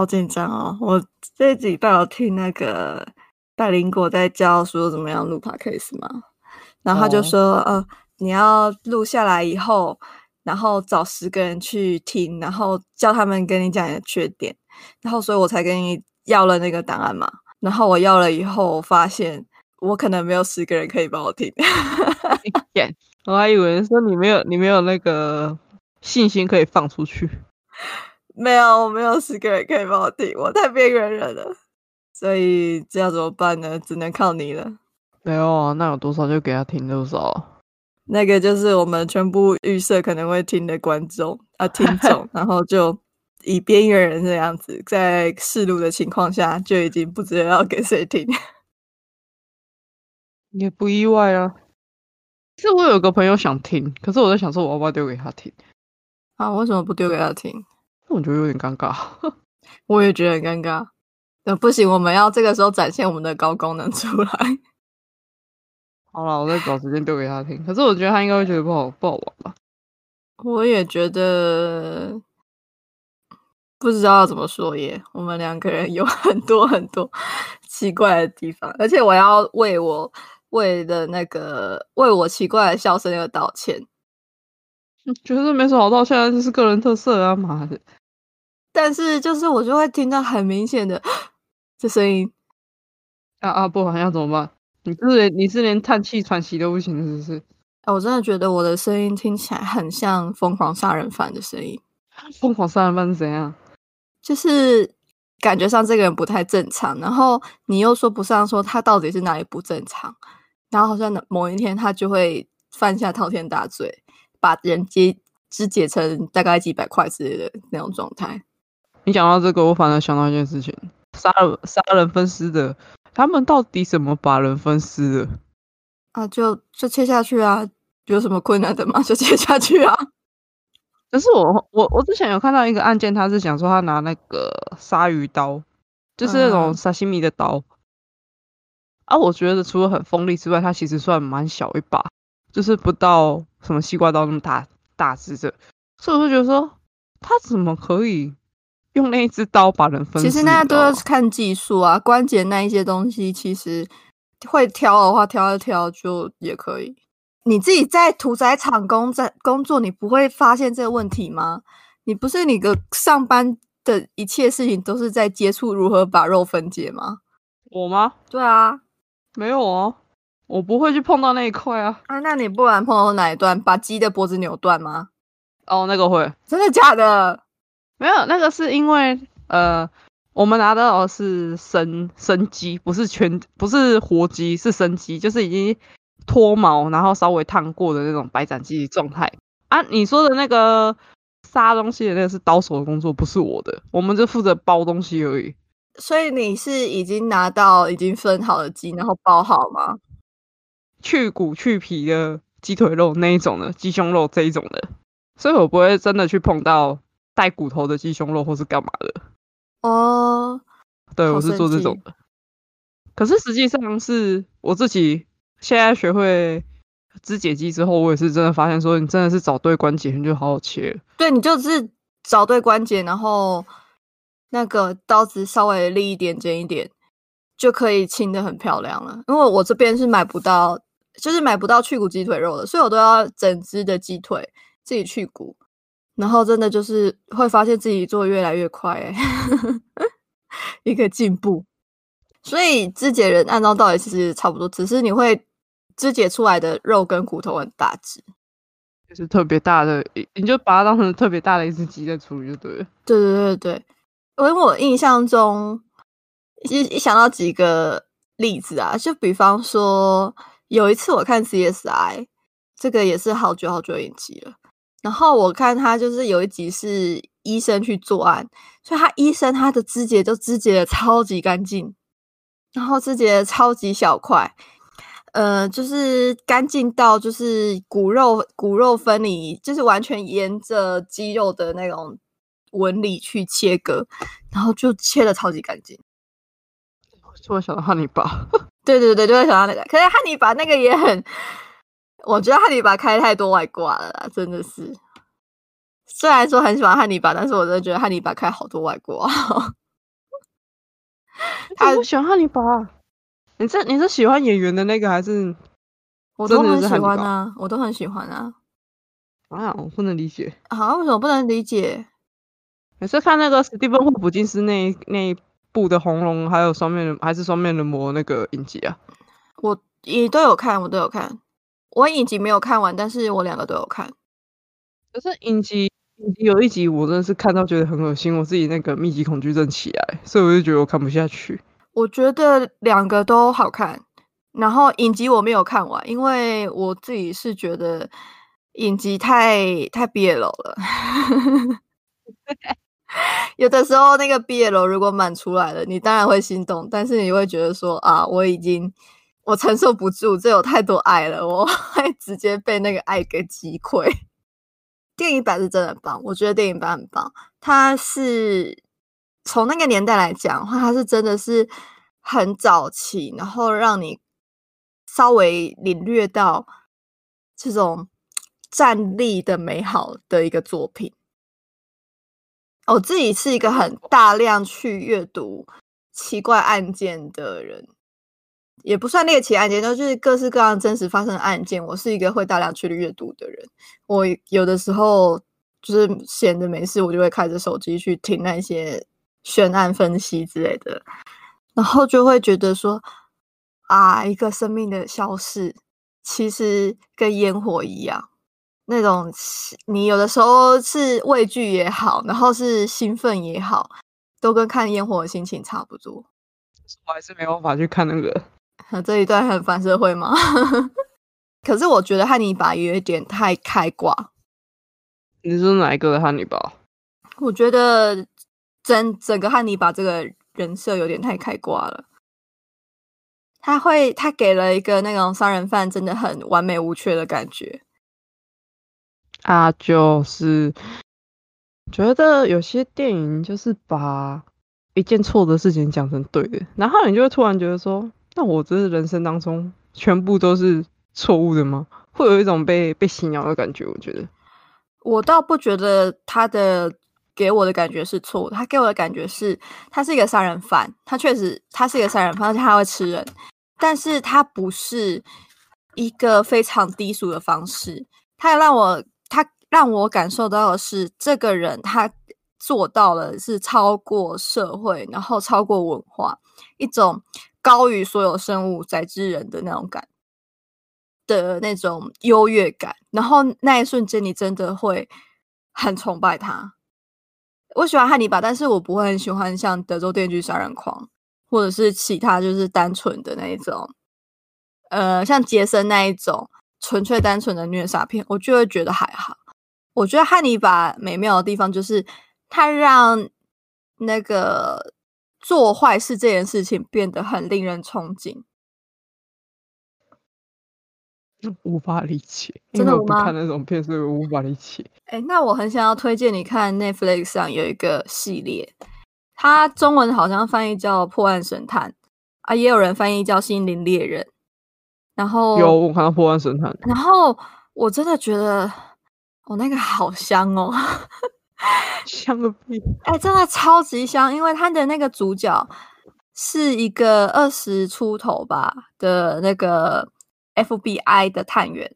好緊張哦！我這禮拜有聽那個大林國在教說怎麼樣錄 podcast 嗎？然後他就說，哦呃、你要錄下來以後，然後找十個人去聽，然後叫他們跟你講你的缺點，然後所以我才跟你要了那個檔案嘛。然後我要了以後，發現我可能沒有十個人可以幫我聽。 yeah. 我還以為說你沒有，你沒有那個信心可以放出去。沒有，我沒有十個人可以幫我聽，我太邊緣人，人了，所以這要怎麼辦呢？只能靠你了。沒有啊，那有多少就給他聽多少。那個就是我們全部預設可能會聽的觀眾啊，聽眾， 然後就以邊緣人這樣子，在試錄的情況下，就已經不知道要給誰聽。也不意外啊。是我有個朋友想聽，可是我在想說，我要不要丟給他聽？啊，我為什麼不丟給他聽？我覺得有點尷尬， 我也覺得很尷尬。那不行，我們要這個時候展現我們的高功能出來。 好了，我再找時間丟給他聽。可是我覺得他應該會覺得不好，不好玩吧？我也覺得，不知道要怎麼說耶。我們兩個人有很多很多 奇怪的地方，而且我要為我為了那個為我奇怪的笑聲而道歉。嗯，覺得這沒什麼好道歉，這是個人特色啊，媽的。但是就是我就會聽到很明顯的這聲音，啊啊！不好，要怎麼辦？你不是，你是連嘆氣喘息都不行，是不是？啊，我真的覺得我的聲音聽起來很像瘋狂殺人犯的聲音。瘋狂殺人犯是怎樣？就是感覺上這個人不太正常，然後你又說不上說他到底是哪裡不正常，然後好像某一天他就會犯下滔天大罪，把人肢肢解成大概幾百塊之類的那種狀態。你講到這個，我反而想到一件事情：殺人殺人分屍的，他們到底怎麼把人分屍的？啊，就就切下去啊！有什麼困難的嗎？就切下去啊！可是我我我之前有看到一個案件，他是想說他拿那個鯊魚刀，就是那種沙西米的刀，嗯，啊。我覺得除了很鋒利之外，它其實算蠻小一把，就是不到什麼西瓜刀那麼大，大致的。所以我就覺得說，他怎麼可以？用那一支刀把人分。其實那都是看技術啊，哦、關節那一些東西，其實會挑的話挑一挑就也可以。你自己在屠宰場工作在工作，你不會發現這個問題嗎？你不是你的上班的一切事情都是在接觸如何把肉分解嗎？我嗎？對啊，沒有啊、哦，我不會去碰到那一塊啊。啊，那你不然碰到哪一段把雞的脖子扭斷嗎？哦，那個會，真的假的？沒有，那個是因為，呃，我們拿到的是生生雞，不是全不是活雞，是生雞，就是已經脫毛，然後稍微燙過的那種白斬雞的狀態。啊，你說的那個殺東西的那個是刀手的工作，不是我的，我們就負責包東西而已。所以你是已經拿到已經分好的雞，然後包好嗎？去骨去皮的雞腿肉那一種的，雞胸肉這一種的。所以我不會真的去碰到。帶骨頭的雞胸肉，或是幹嘛的？哦、oh, 對，對，我是做這種的。可是實際上是我自己現在學會肢解雞之後，我也是真的發現，說你真的是找對關節你就好好切。對，你就只是找對關節，然後那個刀子稍微立一點、剪一點，就可以清得很漂亮了。因為我這邊是買不到，就是買不到去骨雞腿肉的，所以我都要整只的雞腿自己去骨。然後真的就是會發現自己做越來越快，哎，一個進步。所以肢解人按照道理其實差不多，只是你會肢解出來的肉跟骨頭很大只，就是特別大的，你就把它當成特別大的一只雞在處理就對了。對對對對，因為我印象中一一想到幾個例子啊，就比方說有一次我看 CSI，這個也是好久好久以前了。然後我看他就是有一集是醫生去做案，所以他醫生他的肢解就肢解得超級乾淨，然後肢解得超級小塊，呃，就是乾淨到就是骨肉骨肉分離，就是完全沿着肌肉的那種紋理去切割，然後就切得超級乾淨。就會想到漢尼拔。 對對對對，就會想到那個，可是漢尼拔那個也很。我覺得漢尼拔開太多外掛了啦，真的是。雖然說很喜歡漢尼拔，但是我真的覺得漢尼拔開好多外掛、啊。我 欸、喜歡漢尼拔、啊，你是你是喜歡演員的那個還是？我都很喜歡啊，我都很喜歡啊。啊我不能理解，好為什麼不能理解？你是看那個史蒂芬·霍普金斯那那一部的《紅龍》，還有《雙面人》，還是《雙面人魔》那個影集啊？我也都有看，我都有看。我影集沒有看完，但是我兩個都有看。可是影集，影集有一集我真的是看到覺得很噁心，我自己那個密集恐懼症起來，所以我就覺得我看不下去。我覺得兩個都好看，然後影集我沒有看完，因為我自己是覺得影集太太 BL 了。 有的時候那個 BL 如果滿出來了，你當然會心動，但是你會覺得說啊，我已經。我承受不住，這有太多愛了，我會直接被那個愛給擊潰。電影版是真的棒，我覺得電影版很棒。它是從那個年代來講的話，它是真的是很早期，然後讓你稍微領略到這種站立的美好的一個作品。我自己是一個很大量去閱讀奇怪案件的人。也不算獵奇案件，都、就是各式各樣真實發生的案件。我是一個會大量去閱讀的人，我有的時候就是閒着沒事，我就會開着手機去聽那些懸案分析之類的，然後就會覺得說啊，一個生命的消逝，其實跟煙火一樣，那種你有的時候是畏懼也好，然後是興奮也好，都跟看煙火的心情差不多。我還是沒有辦法去看那個。啊，這一段很反社會嗎？ 可是我覺得漢尼拔有點太開掛。你是說哪一個的漢尼拔？我覺得整整個漢尼拔這個人設有點太開掛了。他會，他給了一個那種殺人犯真的很完美無缺的感覺。啊，就是覺得有些電影就是把一件錯的事情講成對的，然後你就會突然覺得說。那我這人生當中全部都是錯誤的嗎？會有一種被被洗腦的感覺。我覺得，我倒不覺得他的給我的感覺是錯誤，他給我的感覺是，他是一個殺人犯，他確實他是一個殺人犯，而且他會吃人，但是他不是一個非常低俗的方式。他讓我他讓我感受到的是，這個人他做到了是超過社會，然後超過文化一種。高於所有生物，在之人的那種感的那種優越感，然後那一瞬間你真的會很崇拜他。我喜歡漢尼拔，但是我不會很喜歡像《德州電鋸殺人狂》或者是其他就是單純的那一種，呃，像傑森那一種純粹單純的虐殺片，我就會覺得還好。我覺得漢尼拔美妙的地方就是他讓那個。做壞事這件事情變得很令人憧憬，無法理解。真的，因為我不看那種片，所以無法理解。哎、欸，那我很想要推薦你看 Netflix 上有一個系列，它中文好像翻譯叫《破案神探》，啊，也有人翻譯叫《心靈獵人》。然後有我看到《破案神探》，然後我真的覺得，我、哦、那個好香哦。 香個屁！哎， 相比、欸，真的超級香，因為他的那個主角是一個二十出頭吧的那個 FBI 的探員，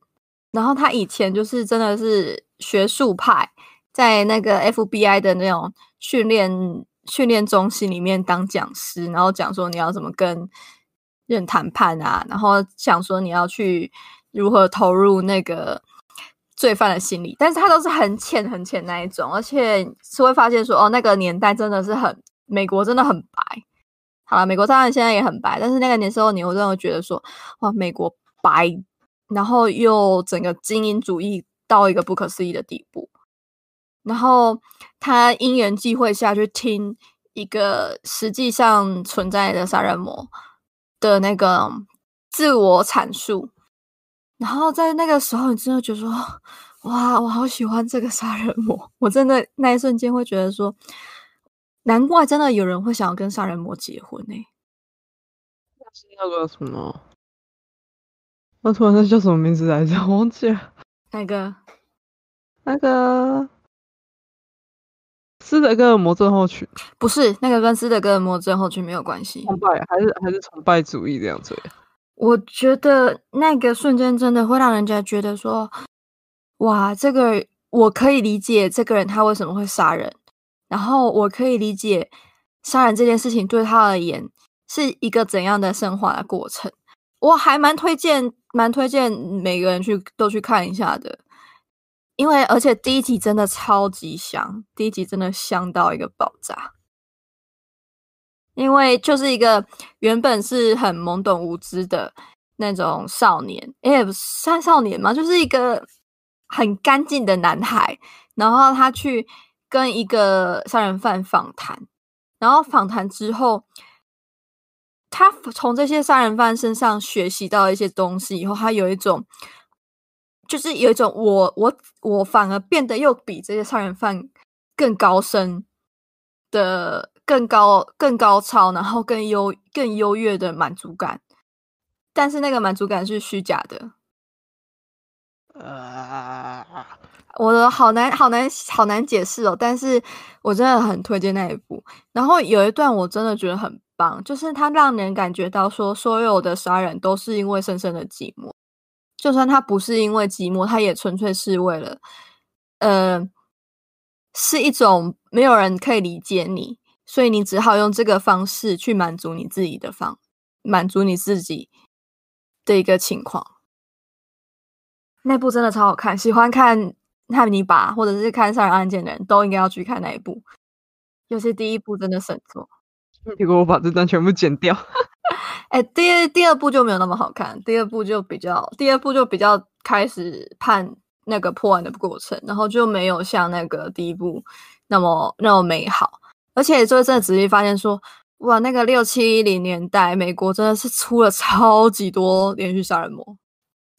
然後他以前就是真的是學術派，在那個 FBI 的那種訓練訓練中心裡面當講師，然後講說你要怎麼跟人談判啊，然後講說你要去如何投入那個。罪犯的心理，但是他都是很淺很淺那一種，而且是會發現說，哦，那個年代真的是很美國，真的很白。好了，美國當然現在也很白，但是那個年時候，你又真的會覺得說，哇，美國白，然後又整個精英主義到一個不可思議的地步。然後他因緣際會下去聽一個實際上存在的殺人魔的那個自我闡述。然後在那個時候，你真的覺得說，哇，我好喜歡這個殺人魔！我真的那一瞬間會覺得說，難怪真的有人會想要跟殺人魔結婚呢、欸。那，那個什麼？我突然在叫什麼名字來着？我忘記了。那個？那個？斯德哥爾摩症候群？不是，那個跟斯德哥爾摩症候群沒有關係。崇拜，還是還是崇拜主義這樣子。我覺得那個瞬間真的會讓人家覺得說，哇，這個我可以理解這個人他為什麼會殺人，然後我可以理解殺人這件事情對他而言是一個怎樣的升華的過程。我還蠻推薦，蠻推薦每個人去都去看一下的，因為而且第一集真的超級香，第一集真的香到一個爆炸。因為就是一個原本是很懵懂無知的那種少年，哎，不是三少年嘛，就是一個很乾淨的男孩。然後他去跟一個殺人犯訪談，然後訪談之後，他從這些殺人犯身上學習到一些東西以後，他有一種，就是有一種我我我反而變得又比這些殺人犯更高深的。更高、更高超，然後更優、更優越的滿足感，但是那個滿足感是虛假的。呃、uh，我的好難、好難、好難解釋哦。但是我真的很推薦那一部。然後有一段我真的覺得很棒，就是它讓人感覺到說，所有的殺人都是因為深深的寂寞。就算他不是因為寂寞，他也純粹是為了，呃，是一種沒有人可以理解你。所以你只好用這個方式去滿足你自己的方，滿足你自己的一個情況。那部真的超好看，喜歡看《漢尼拔》或者是看殺人案件的人都應該要去看那一部，尤其第一部真的神作。結果、嗯、我把這段全部剪掉。哎、 欸，第二第二部就沒有那麼好看，第二部就比較第二部就比較開始判那個破案的過程，然後就沒有像那個第一部那麼那麼美好。而且就近真的仔細發現說，說哇，那個六七零年代美國真的是出了超級多連續殺人魔，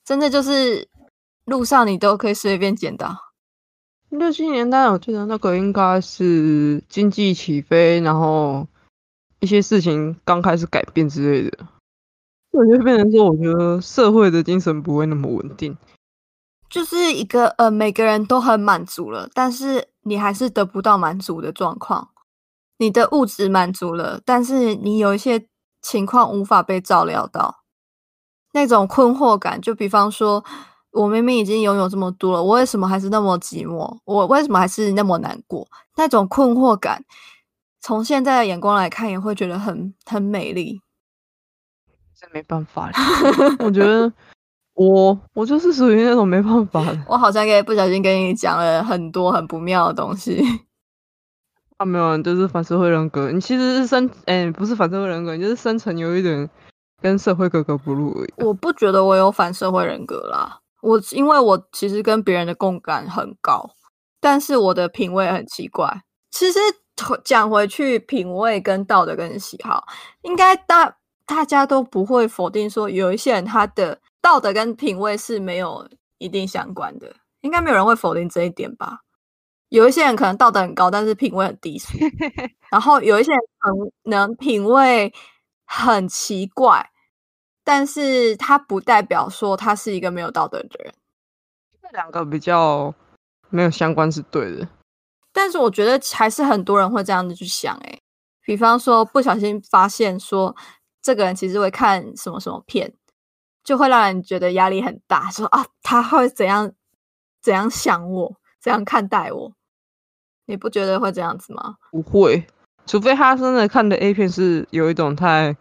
真的就是路上你都可以隨便撿到。六七年代，我記得那個應該是經濟起飛，然後一些事情剛開始改變之類的，我覺得變成說，我覺得社會的精神不會那麼穩定，就是一個呃，每個人都很滿足了，但是你還是得不到滿足的狀況。你的物質滿足了，但是你有一些情況無法被照料到，那種困惑感。就比方說，我明明已經擁有這麼多了，我為什麼還是那麼寂寞？我為什麼還是那麼難過？那種困惑感，從現在的眼光來看，也會覺得很很美麗。這沒辦法， 我覺得我我就是屬於那種沒辦法。我好像給不小心跟你講了很多很不妙的東西。啊，沒有，就是反社會人格。你其實是深，嗯、欸，不是反社會人格，你就是深層有一點跟社會格格不入而已。我不覺得我有反社會人格啦，我因為我其實跟別人的共感很高，但是我的品味很奇怪。其實講回去，品味跟道德跟喜好，應該大大家都不會否定說，有一些人他的道德跟品味是沒有一定相關的，應該沒有人會否定這一點吧。有一些人可能道德很高，但是品味很低 然後有一些人可能品味很奇怪，但是他不代表說他是一個沒有道德的人。這兩個比較沒有相關是對的，但是我覺得還是很多人會這樣子去想。誒，比方說不小心發現說這個人其實會看什麼什麼片，就會讓人覺得壓力很大。說啊，他會怎樣怎樣想我，怎樣看待我。 你不覺得會這樣子嗎？不會，除非他真的看的 A 片是有一種太……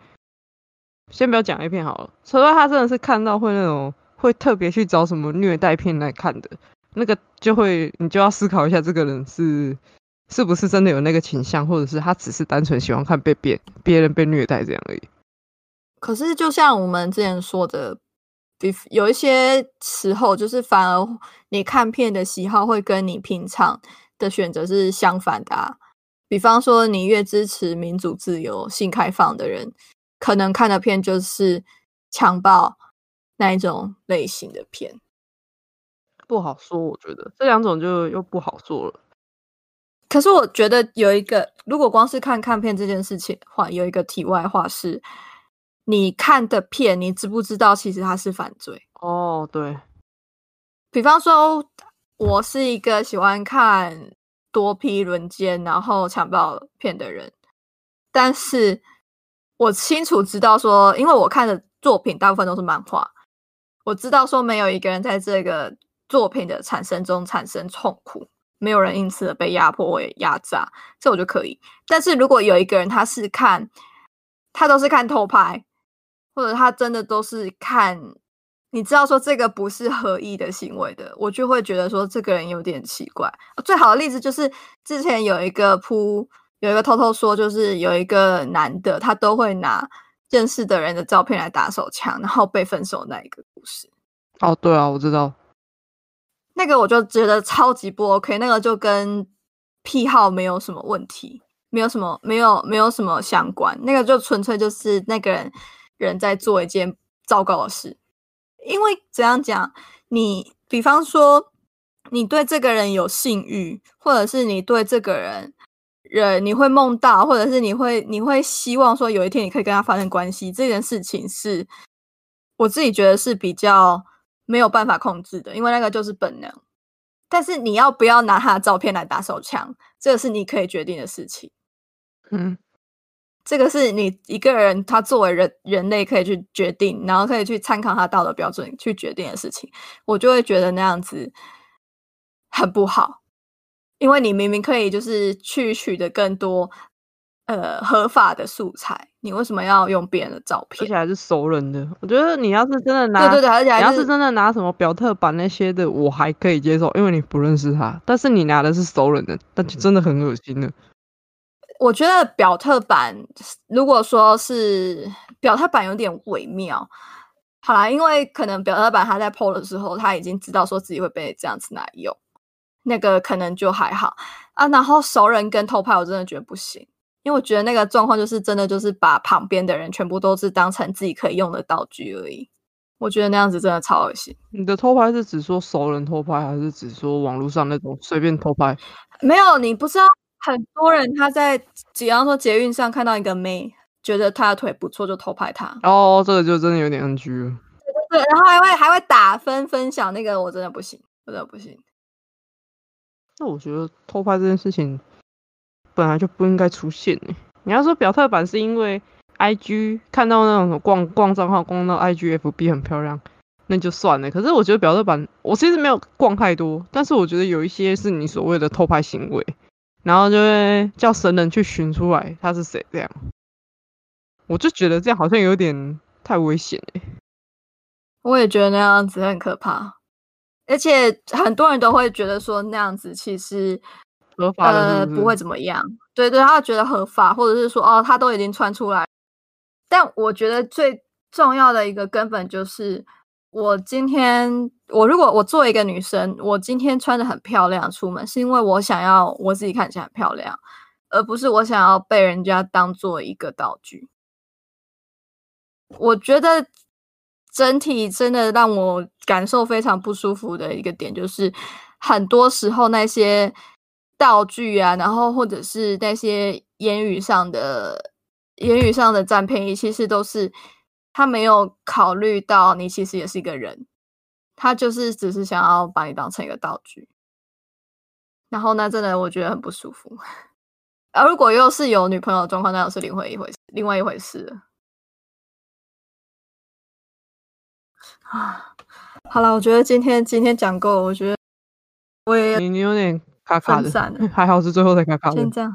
先不要講 A 片好了。除非他真的是看到會那種會特別去找什麼虐待片來看的，那個就會你就要思考一下，這個人是是不是真的有那個傾向，或者是他只是單純喜歡看被別別人被虐待這樣而已。可是就像我們之前說的，有有一些時候，就是反而你看片的喜好會跟你平常。的選擇是相反的啊，比方說，你越支持民主、自由、性開放的人，可能看的片就是強暴那一種類型的片。不好說，我覺得這兩種就又不好說了。可是我覺得有一個，如果光是看看片這件事情的話，有一個題外話是，你看的片，你知不知道其實它是犯罪？哦，對。比方說。我是一個喜歡看多批輪姦然後強暴片的人，但是我清楚知道說，因為我看的作品大部分都是漫畫，我知道說沒有一個人在這個作品的產生中產生痛苦，沒有人因此而被壓迫或壓榨，這我就可以。但是如果有一個人他是看，他都是看偷拍，或者他真的都是看。你知道說這個不是合意的行為的，我就會覺得說這個人有點奇怪。最好的例子就是之前有一個鋪，有一個偷偷說，就是有一個男的，他都會拿認識的人的照片來打手槍，然後被分手那一個故事。哦，對啊，我知道。那個我就覺得超級不 OK，那個就跟癖好沒有什麼問題，沒有什麼，沒有，沒有什麼相關。那個就純粹就是那個人人在做一件糟糕的事。因為怎樣講，你比方說，你對這個人有性欲，或者是你對這個人，人你會夢到，或者是你會你會希望說有一天你可以跟他發生關係，這件事情是，我自己覺得是比較沒有辦法控制的，因為那個就是本能。但是你要不要拿他的照片來打手槍，這是你可以決定的事情。嗯。這個是你一個人，他作為人人類可以去決定，然後可以去參考他道德標準去決定的事情，我就會覺得那樣子很不好，因為你明明可以就是去取得更多呃合法的素材，你為什麼要用別人的照片？而且還是熟人的，我覺得你要是真的拿，嗯，對對對，而且還是，你要是真的拿什麼表特版那些的，我還可以接受，因為你不認識他，但是你拿的是熟人的，那就真的很惡心了。嗯我覺得表特版如果說是表特版有點微妙，好啦，因為可能表特版他在 PO 的時候，他已經知道說自己會被這樣子拿用，那個可能就還好啊。然後熟人跟偷拍，我真的覺得不行，因為我覺得那個狀況就是真的就是把旁邊的人全部都是當成自己可以用的道具而已。我覺得那樣子真的超噁心。你的偷拍是指說熟人偷拍，還是指說網路上那種隨便偷拍？沒有，你不知道。很多人他在，比方說捷運上看到一個妹，覺得她的腿不錯，就偷拍她。哦，這個就真的有點 NG 了。對對對，然後還會還會打分分享那個我，我真的不行，真的不行。那我覺得偷拍這件事情本來就不應該出現。你要說表特版是因為 IG 看到那種什麼逛逛賬號逛到 IGFB 很漂亮，那就算了。可是我覺得表特版，我其實沒有逛太多，但是我覺得有一些是你所謂的偷拍行為。然後就會叫神人去尋出來他是誰，這樣，我就覺得這樣好像有點太危險了，欸。我也覺得那樣子很可怕，而且很多人都會覺得說那樣子其實合法是不是？呃，不會怎麼樣，對對，他覺得合法，或者是說哦他都已經穿出來，但我覺得最重要的一個根本就是。我今天，我如果我作為一個女生，我今天穿得很漂亮出門，是因為我想要我自己看起來很漂亮，而不是我想要被人家當做一個道具。我覺得整體真的讓我感受非常不舒服的一個點，就是很多時候那些道具啊，然後或者是那些言語上的言語上的占便宜，其實都是。他沒有考慮到你其實也是一個人，他就是只是想要把你當成一個道具，然後呢，真的我覺得很不舒服。啊，如果又是有女朋友的狀況，那又是另外一回事。另外一回事。啊，好了，我覺得今天今天講夠了。我覺得我也分散了。你有點卡卡的，還好是最後才卡卡的。這樣。